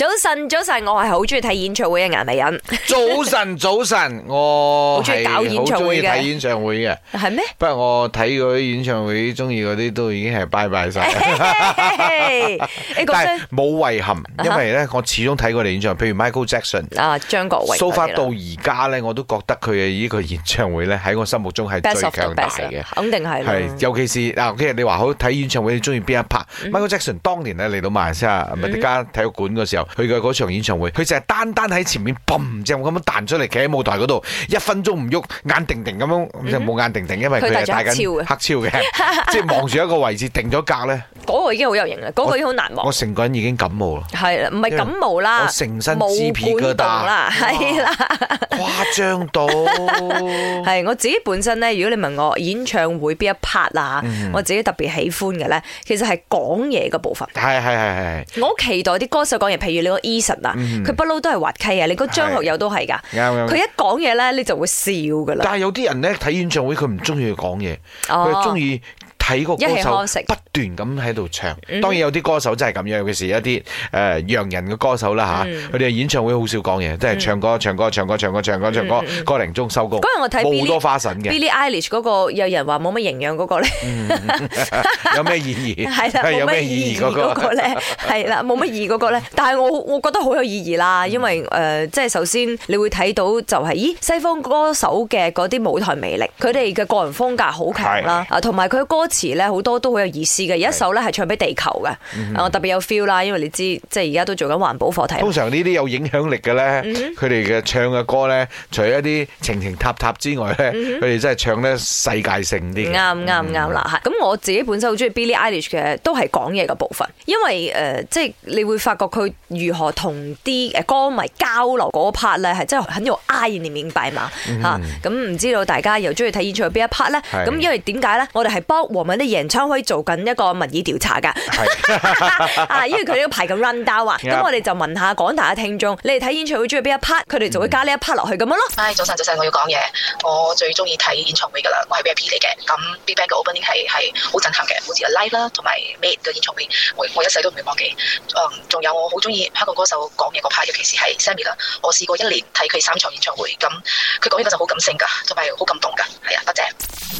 早晨，早晨，我係好中意睇演唱會嘅顏藝人。 早晨，早晨，我好中意搞演唱會睇演唱會嘅係咩？是嗎不我看過我睇嗰啲演唱會，中意嗰啲都已經係拜拜晒。Hey, hey, hey, hey. 但係冇遺憾，uh huh. 因為咧我始終睇過哋演唱會，譬如 Michael Jackson 啊，張國榮，抒發 So far 們到而家咧，我都覺得佢嘅呢個演唱會咧喺我心目中係最強大嘅，best, 肯定係係，尤其是嗱，其、啊、實、okay, 你話好睇演唱會，你中意邊一 part？Michael、mm hmm. Jackson 當年咧嚟到馬來西亞係咪啲間體育館嘅時候。去嘅嗰場演唱會，佢淨係單單喺前面嘣只咁樣彈出嚟，企喺舞台嗰度一分鐘唔喐，眼定定咁樣，即係冇眼定定，因為佢係戴緊黑超嘅，即係望住一個位置定咗格呢。嗰個已經好有型啦，嗰個已經好難忘。我成個人已經感冒啦，係啦，唔係感冒啦，成身雞皮疙瘩啦，係啦，誇張到係我自己本身咧。如果你問我演唱會邊一 part 啊，我自己特別喜歡嘅咧，其實係講嘢嘅部分。係係係係，我好期待啲歌手講嘢，譬如你個 Eason 啊，佢不嬲都係滑稽啊，你個張學友都係噶，佢一講嘢咧，你就會笑噶啦。但係有啲人咧睇演唱會，佢唔中意佢講嘢，佢中意。喺個歌手不斷咁喺度唱，當然有啲歌手真係咁樣嘅，是一啲誒洋人嘅歌手啦嚇，佢哋嘅演唱會好少講嘢，即係唱歌、唱歌、唱歌、唱歌、唱歌、唱歌、嗯，個零鐘收工。嗰日我睇冇多花神嘅。Billie Eilish 嗰個有人話冇乜營養嗰個咧、嗯，有咩意義？有咩 意義嗰、那個咧？係啦， 冇乜意義嗰個咧？ 但係我我覺得好有意義啦，因為誒、呃，即係首先你會睇到就係、是，咦，西方歌手嘅嗰啲舞台魅力，佢哋嘅個人風格好強啦，同埋佢嘅歌詞。好多都好有意思嘅，有一首咧係唱俾地球嘅，的我特別有 feel 啦。因為你知，即係而家都在做緊環保課題。通常呢啲有影響力嘅咧，佢哋嘅唱嘅歌咧，除咗一啲情情塔塔之外咧，佢哋、嗯、哼真係唱得世界性啲。啱啱啱啦，係。咁我自己本身好中意 Billie Eilish 嘅，都係講嘢嘅部分，因為誒，即、呃、係、就是、你會發覺佢如何同啲誒歌迷交流嗰 part 咧，係真係很有 I 你明白嘛吓。咁唔、嗯哼啊、知道大家又中意睇演唱會邊一 part 咧？咁的因為點解咧？我哋係幫我啲盈昌可以做緊一個民意調查噶，啊，因為佢呢個牌咁 run down 啊，咁我哋就問下廣大嘅聽眾，你哋睇演唱會中意邊一 part，佢哋就會加呢一 part 落去咁樣咯。唉，早晨，早晨，我要講嘢，我最中意睇演唱會噶啦，我係 VIP 嚟嘅，咁 Big Bang 嘅 Opening 係係好震撼嘅，好似阿 Live 啦，同埋 Made 嘅演唱會，我我一世都唔會忘記。嗯，仲有我好中意香港歌手講嘢嗰 part，尤其是係 Sammi 啦，我試過一年睇佢三場演唱會，咁佢講嘢嗰陣好感性噶，同埋好感動噶，係啊，多謝、謝。